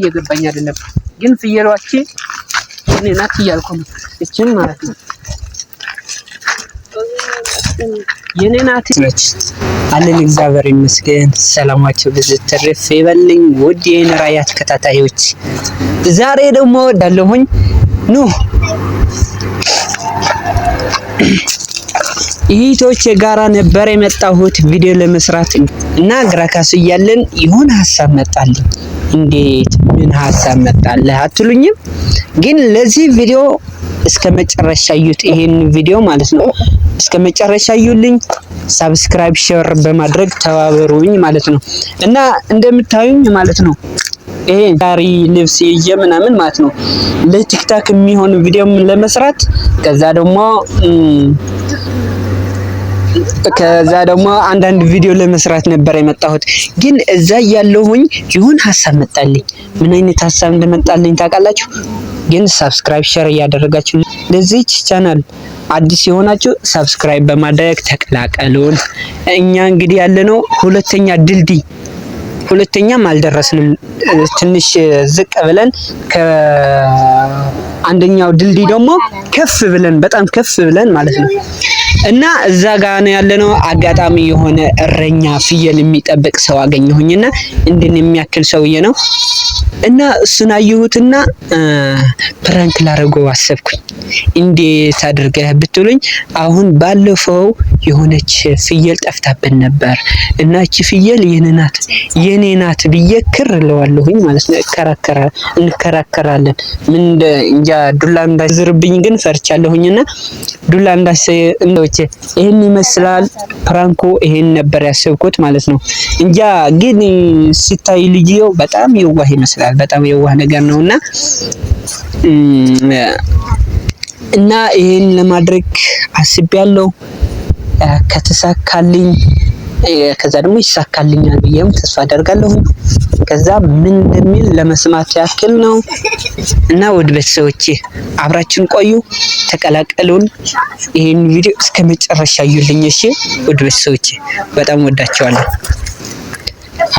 እየገባኝ አይደለም። ግን ፍየሏቼ እኔ ናት እያልኩ ነው። እችን ማለት ነው የኔ ናት ነች አለን። እግዚአብሔር ይመስገን። ሰላማቸው ብዙ ትርፍ ይበልኝ። ውድ የእኔ ራያ ተከታታዮች ዛሬ ደግሞ ወዳለሁኝ ኑ እህቶች የጋራ ነበር የመጣሁት ቪዲዮ ለመስራት እና ግራ ካሱ እያለን የሆነ ሀሳብ መጣልኝ። እንዴት ምን ሀሳብ መጣልህ አትሉኝም? ግን ለዚህ ቪዲዮ እስከ መጨረሻ እዩት። ይሄን ቪዲዮ ማለት ነው እስከ መጨረሻ እዩልኝ። ሳብስክራይብ፣ ሼር በማድረግ ተባበሩኝ ማለት ነው እና እንደምታዩኝ ማለት ነው ይሄ ጋሪ ልብስ ይዤ ምናምን ማለት ነው ለቲክታክ የሚሆን ቪዲዮም ለመስራት ከዛ ደግሞ ከዛ ደግሞ አንዳንድ ቪዲዮ ለመስራት ነበር የመጣሁት። ግን እዛ ያለሁኝ ይሁን ሀሳብ መጣልኝ። ምን አይነት ሀሳብ እንደመጣልኝ ታውቃላችሁ? ግን ሰብስክራይብ ሼር እያደረጋችሁ ለዚች ቻናል አዲስ የሆናችሁ ሰብስክራይብ በማድረግ ተቀላቀሉን። እኛ እንግዲህ ያለነው ሁለተኛ ድልድይ ሁለተኛም አልደረስንም። ትንሽ ዝቅ ብለን ከአንደኛው ድልድይ ደግሞ ከፍ ብለን በጣም ከፍ ብለን ማለት ነው እና እዛ ጋ ነው ያለነው። አጋጣሚ የሆነ እረኛ ፍየል የሚጠብቅ ሰው አገኘሁኝና እንድን የሚያክል ሰውዬ ነው እና እሱን አየሁትና ፕራንክ ላደርገው አሰብኩኝ። እንዴት አድርገህ ብትሉኝ አሁን ባለፈው የሆነች ፍየል ጠፍታብን ነበር እና እቺ ፍየል የኔ ናት የኔ ናት ብዬ ክር እለዋለሁኝ ማለት ነው። እንከራከራለን። ምን እንጃ ዱላ እንዳይዝርብኝ ግን ፈርቻለሁኝና ዱላ እንዳይሰ ቤተሰቦች ይህን ይመስላል ፕራንኮ። ይሄን ነበር ያሰብኩት ማለት ነው። እንጃ ግን ሲታይ ልጅየው በጣም የዋህ ይመስላል። በጣም የዋህ ነገር ነውና እና ይሄን ለማድረግ አስቤያለሁ። ከተሳካልኝ ከዛ ደግሞ ይሳካልኛል ብዬም ተስፋ አደርጋለሁ። ከዛ ምን እንደሚል ለመስማት ያክል ነው እና ወደ ቤተሰቦቼ አብራችን ቆዩ፣ ተቀላቀሉን። ይህን ቪዲዮ እስከ መጨረሻ እዩልኝ። እሺ ወደ ቤተሰቦቼ በጣም ወዳቸዋለሁ።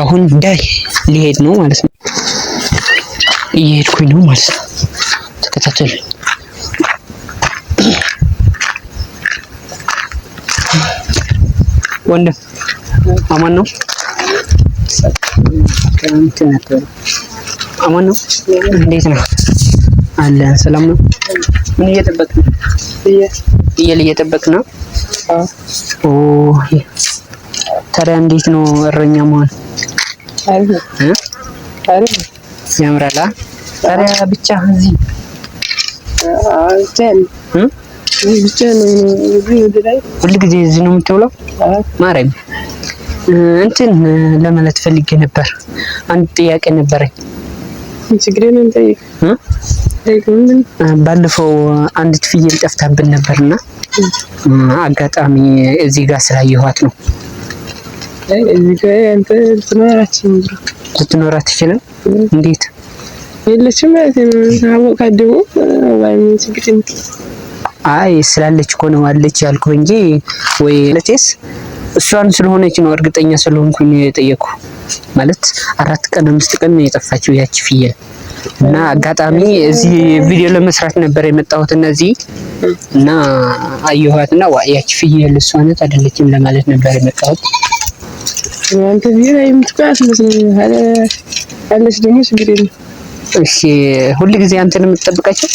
አሁን ዳይ ሊሄድ ነው ማለት ነው። እየሄድኩኝ ነው ማለት ነው። ተከታተሉ። ወንድም አማን ነው። አማን ነው። እንዴት ነው አለ። ሰላም ነው። ምን እየጠበቅ ነው? ፍየል እየጠበቅ ነው። ኦ ታዲያ እንዴት ነው እረኛ መሆን? ያምራላ። ታዲያ ብቻ እዚህ ሁል ጊዜ እዚህ ነው የምትውለው? ማርያም እንትን ለማለት ፈልጌ ነበር። አንድ ጥያቄ ነበረኝ። ባለፈው አንዲት ፍየል ጠፍታብን ነበርና አጋጣሚ እዚህ ጋር ስላየኋት ነው። ልትኖር አትችልም? እንዴት የለችም ማለት ነው። አይ ስላለች እኮ ነው አለች ያልኩ እንጂ ወይ ለቴስ እሷን ስለሆነች ነው እርግጠኛ ስለሆንኩኝ ነው ማለት አራት ቀን አምስት ቀን ነው የጠፋችው ያቺ ፍየል እና አጋጣሚ እዚህ ቪዲዮ ለመስራት ነበር የመጣሁት እነዚህ እና አየኋት እና ያቺ ፍየል እሷ ናት አይደለችም ለማለት ነበር የመጣሁት። አንተ ቪዲዮ አንተ ነው ደግሞ ችግር የለም። እሺ ጊዜ አንተን የምትጠብቃቸው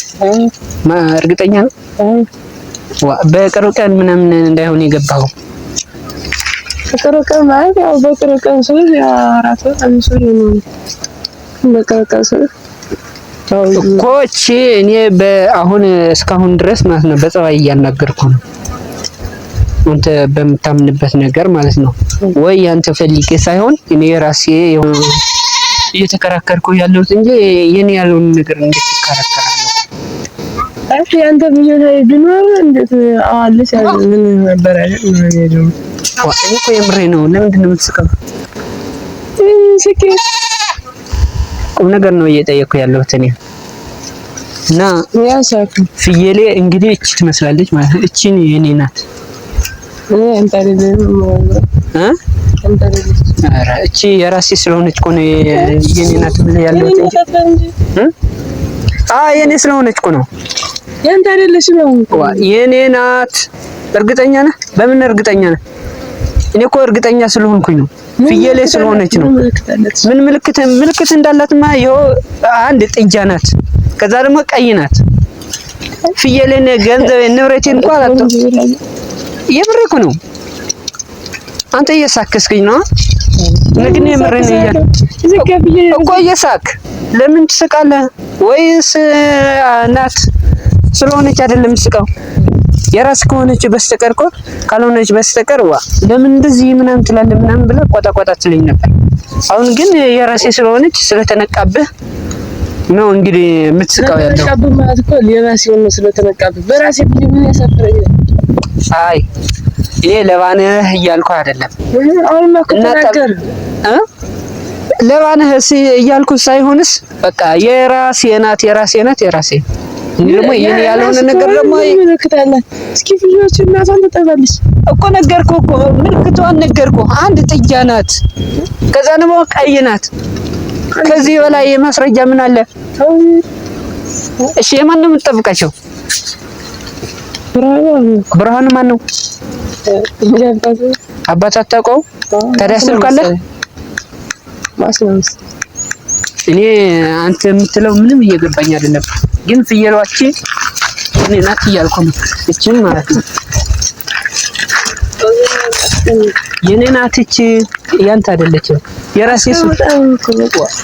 እርግጠኛ ነው። በቅርብ ቀን ምናምን እንዳይሆን የገባኸው በቅርብ ቀን ማለት ያው በቅርብ ቀን ስል አራት አምስት ወር ነው። በቅርብ ቀን ስል እኮ እቺ እኔ አሁን እስካሁን ድረስ ማለት ነው በጸባይ እያናገርኩ ነው። አንተ በምታምንበት ነገር ማለት ነው ወይ ያንተ ፈልጌ ሳይሆን እኔ ራሴ እየተከራከርኩ ያለሁት እንጂ የኔ ያለውን ነገር እንዴት ይከራከራለሁ? አንተ ብዙ ቢኖር እንዴት አዋልስ ያለ ምን ነበር አይደል? እኔ እኮ የምሬ ነው። ለምንድን ነው የምትስቀው? ቁም ነገር ነው እየጠየቅኩ ያለሁት እኔ እና ፍየሌ እንግዲህ እቺ ትመስላለች ማለት ነው። እቺ የኔ ናት። እቺ የራሴ ስለሆነች እኮ ነው የኔ ናት ብለህ ያለሁት እንጂ የኔ ስለሆነች እኮ ነው። የኔ ናት። እርግጠኛ ነህ? በምን እርግጠኛ ነህ? እኔ እኮ እርግጠኛ ስለሆንኩኝ ነው፣ ፍየሌ ስለሆነች ነው። ምን ምልክት ምልክት እንዳላትማ ይኸው አንድ ጥጃ ናት፣ ከዛ ደግሞ ቀይ ናት። ፍየሌን ገንዘብ ንብረቴን እንኳን አጣ። የምሬ እኮ ነው። አንተ እየሳከስክኝ ነው። ንግኔ የምሬን እያል እኮ እየሳክ ለምን ትስቃለህ? ወይስ ናት ስለሆነች አይደለም ስቃው የራስ ከሆነች በስተቀር እኮ ካልሆነች በስተቀር ዋ ለምን እንደዚህ ምናምን ትላለህ ምናምን ብለህ ቆጣ ቆጣ ትለኝ ነበር። አሁን ግን የራሴ ስለሆነች ስለተነቃብህ ነው እንግዲህ የምትስቀው ያለው ስለተነቃብህ ማለት እኮ የራሴ ሆነ ስለተነቃብህ በራሴ ምን ያሳፍረኝ? አይ ይሄ ለባንህ እያልኩ አይደለም። አሁን ማከተናገር እ ለባንህ እያልኩ ሳይሆንስ በቃ የራሴ ናት የራሴ ናት የራሴ ደግሞ ይሄን ያልሆነ ነገር ደግሞ ይመለከታለን። እስኪ ፍሬዎች እናቷን ትጠባለች እኮ ነገርኩህ እኮ ምልክቷን ነገርኩህ። አንድ ጥጃ ናት፣ ከዛ ደግሞ ቀይ ናት። ከዚህ በላይ የማስረጃ ምን አለ? እሺ የማን ነው የምትጠብቃቸው? ብርሃኑ ማን ነው? አባት አታውቀው? ታዲያ ስልክ አለ? እኔ አንተ የምትለው ምንም እየገባኝ አይደለም። ግን ፍየሏች እኔ ናት እያልኩ ነው። እችን ማለት ነው የኔ ናት እቺ፣ ያንተ አይደለችም። የራሴ ሱ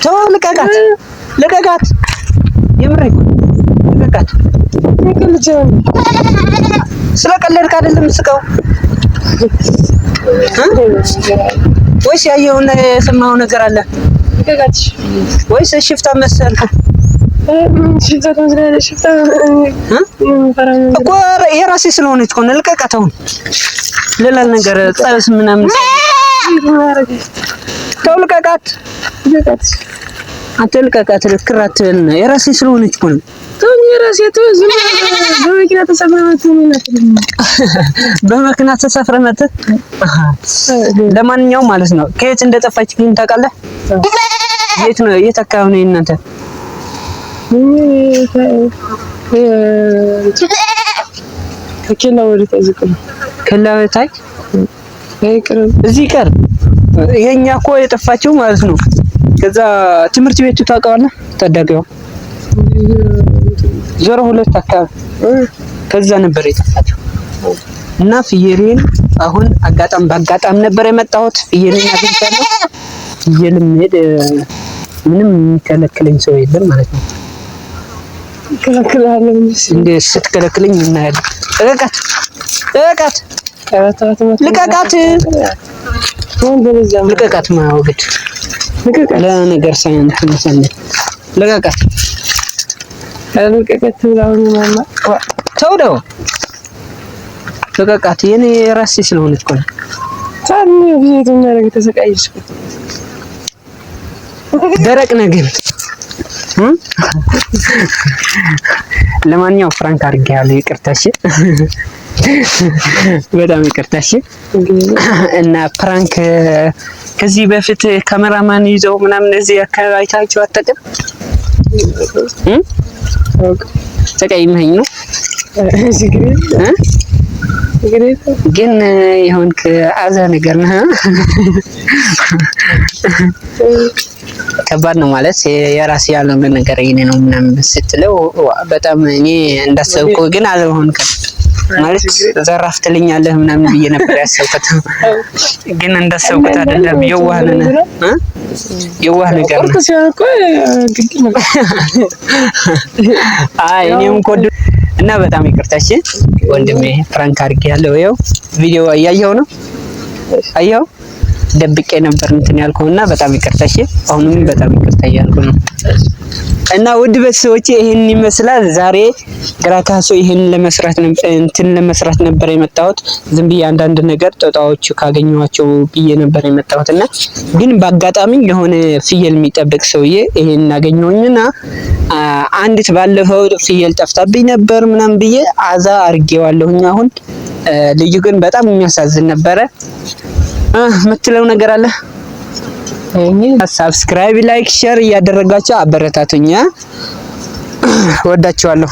ተው፣ ልቀቃት፣ ልቀቃት፣ የምሬ ልቀቃት። ስለቀለድክ አይደለም ስቀው ወይስ ያየውና የሰማው ነገር አለ ወይስ ሽፍታ መሰልከው? እኮ የራሴ ስለሆነች ከሆነ ልቀቀተውን ሌላ ነገር ጸበስ ምናምን ተው ልቀቃት፣ አንተ ልቀቃት። ልክር አትበል የራሴ ስለሆነች እኮ ነው። በመኪና ተሳፍረናት። ለማንኛውም ማለት ነው ከየት እንደጠፋች ግን ታውቃለህ? የት ነው የት አካባቢ ነው እናንተ ከኬላ ወደታች ዝቅ ነው። እዚህ ቀር የኛ እኮ የጠፋችው ማለት ነው። ከዛ ትምህርት ቤቱ ታውቀዋለህ፣ ታዳጊዋ ዞሮ ሁለት አካባቢ ከዛ ነበር የጠፋችው እና ፍየሌን አሁን አጋጣሚ በአጋጣሚ ነበር የመጣሁት። ፍየሌን አግኝቻለሁ። ፍየልም ምንም የሚከለክለኝ ሰው የለም ማለት ነው። ስትከለክለኝ እናያለን። ርቀት ርቀት ልቀቃት ልቀቃት ማወግድ ለነገር ሳይንት መሰለኝ ልቀቃት ልቀቃት የኔ ራሴ ስለሆነ እኮ ነው። ደረቅ ነገር ለማንኛውም ፍራንክ አድርጌ ያለው ይቅርታሽ፣ በጣም ይቅርታሽ። እና ፕራንክ ከዚህ በፊት ካሜራማን ይዘው ምናምን እዚህ አካባቢ አይታችሁ አታውቅም? ነው ግን የሆንክ አዛ ነገር ነህ። ከባድ ነው ማለት የራስ ያልሆነ ነገር ይሄ ነው ምናምን ስትለው በጣም እኔ እንዳሰብኩ ግን አልሆንክም። ማለት ዘራፍ ትልኛለህ ምናምን ብዬ ነበር ያሰብኩት፣ ግን እንዳሰብኩት አይደለም። የዋህ ነህ፣ የዋህ ነገር ነው። አይ እኔም ኮድ እና በጣም ይቅርታችን ወንድሜ፣ ፍራንክ አድርጌ ያለው ይኸው ቪዲዮ እያየው ነው አየው ደብቄ ነበር እንትን ያልኩህ እና በጣም ይቅርታ እሺ። አሁንም በጣም ይቅርታ እያልኩ ነው። እና ውድ ቤተሰቦቼ ይህን ይመስላል ዛሬ ግራካሶ ካሶ ይህን ለመስራት እንትን ለመስራት ነበር የመጣሁት። ዝም ብዬ አንዳንድ ነገር ጦጣዎቹ ካገኘኋቸው ብዬ ነበር የመጣሁት እና ግን በአጋጣሚ የሆነ ፍየል የሚጠብቅ ሰውዬ ይሄን አገኘሁኝና አንዲት ባለፈው ፍየል ጠፍታብኝ ነበር ምናም ብዬ አዛ አርጌዋለሁኝ። አሁን ልዩ ግን በጣም የሚያሳዝን ነበረ። የምትለው ነገር አለ? ሳብስክራይብ፣ ላይክ፣ ሼር እያደረጋችሁ አበረታቱኛ። ወዳችኋለሁ።